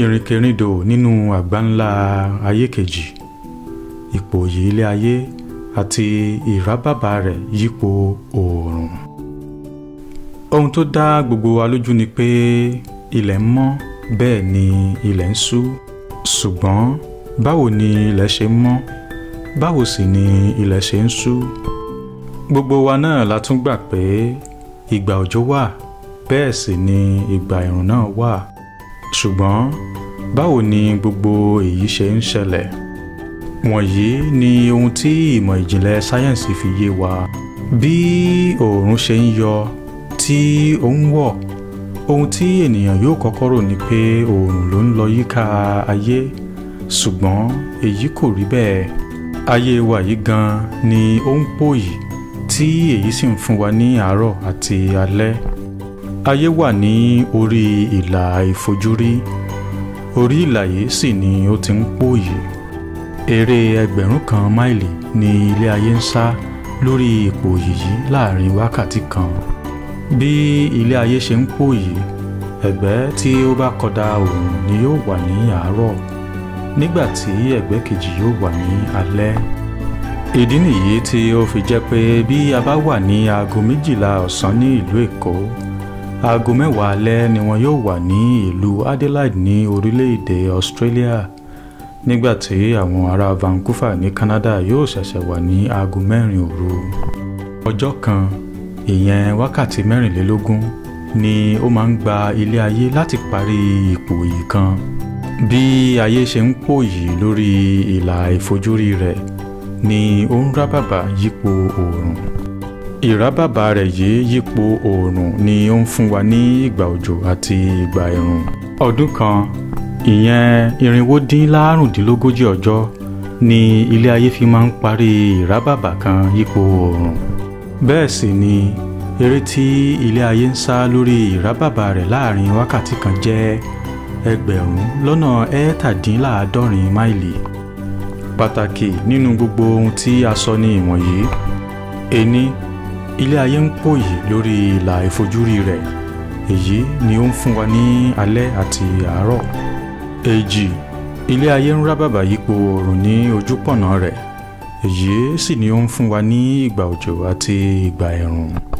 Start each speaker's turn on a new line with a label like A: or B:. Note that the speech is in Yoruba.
A: ìrìnkèrindò nínú àgbáńlá ayé kejì ipòòyì ilé ayé àti ìrábàbà rẹ̀ yípo oòrùn. ohun tó dá gbogbo wa lójú ni pé ilẹ̀ ń mọ́ bẹ́ẹ̀ ni ilẹ̀ ń ṣú ṣùgbọ́n báwo ni ilẹ̀ ṣe ń mọ́ báwo sì ni ilẹ̀ ṣe ń ṣú gbogbo wa náà la tún gbà pé ìgbà òjò wà bẹ́ẹ̀ sì ni ìgbà ẹ̀rùn náà wà ṣùgbọ́n báwo ni gbogbo èyí ṣe ń ṣẹlẹ̀ wọ̀nyí ni ohun tí ìmọ̀ ìjìnlẹ̀ sáyẹ́ǹsì fi yé wa bí oòrùn ṣe ń yọ tí ó ń wọ̀ ohun tí ènìyàn yóò kọ́kọ́ rò ni pé oòrùn ló ń lọ yíká ayé ṣùgbọ́n èyí kò rí bẹ́ẹ̀ ayé wa yìí gan ni ó ń pòyì tí èyí sì ń fún wa ní àárọ̀ àti alẹ́ ayé wà ní orí ìlà ìfojúrí orí ìlà yìí sì ni ó ti ń pòyì eré ẹgbẹ̀rún kan máìlì ni ilé ayé ń sá lórí ipò yìí láàrin wákàtí kan bí ilé ayé ṣe ń pòyì ẹ̀gbẹ́ tí ó bá kọdà oòrùn ni yóò wà ní àárọ̀ nígbà tí ẹ̀gbẹ́ kejì yóò wà ní alẹ́ ìdí nìyí tí ó fi jẹ́ pé bí a bá wà ní aago méjìlá ọ̀sán ní ìlú Èkó aago mẹ́wàá alẹ́ ni wọn yóò wà ní ìlú Adelaide ní orílẹ̀-èdè Australia nígbà tí àwọn ará Vancouver ní Canada yóò ṣẹ̀ṣẹ̀ wà ní aago mẹ́rin òru ọjọ́ kan ìyẹn wákàtí mẹ́rìnlélógún ni ó máa ń gba ilé ayé láti parí ipò yìí kan bí ayé ṣe ń pò yìí lórí ìlà ìfojúrí rẹ̀ ni ó ń rábàbà yípo oòrùn ìrábàbà rẹ̀ yìí yípo oòrùn ni ó ń fún wa ní ìgbà òjò àti ìgbà ẹ̀rùn. ọdún kan ìyẹn irinwó dín lárùndínlógójì ọjọ́ ni ilé ayé fi máa ń parí ìrábàbà kan yípo oòrùn. bẹ́ẹ̀ sì ni eré tí ilé ayé ń sá lórí ìrábàbà rẹ̀ láàrin wákàtí kan jẹ́ ẹgbẹ̀rún lọ́nà ẹ̀ẹ́tàdínláàádọ́rin máìlì. pàtàkì nínú gbogbo ohun tí a sọ ni ìwọ̀nyí. ení ilé ayé ń pòyì lórí ìlà ìfojúrí rẹ̀ èyí ni ó ń fún wa ní alẹ́ àti àárọ̀. èjì ilé ayé ń rábàbà yípo oòrùn ní ojúpọ̀nà rẹ̀ èyí sì ni ó ń fún wa ní ìgbà òjò àti ìgbà ẹ̀rùn.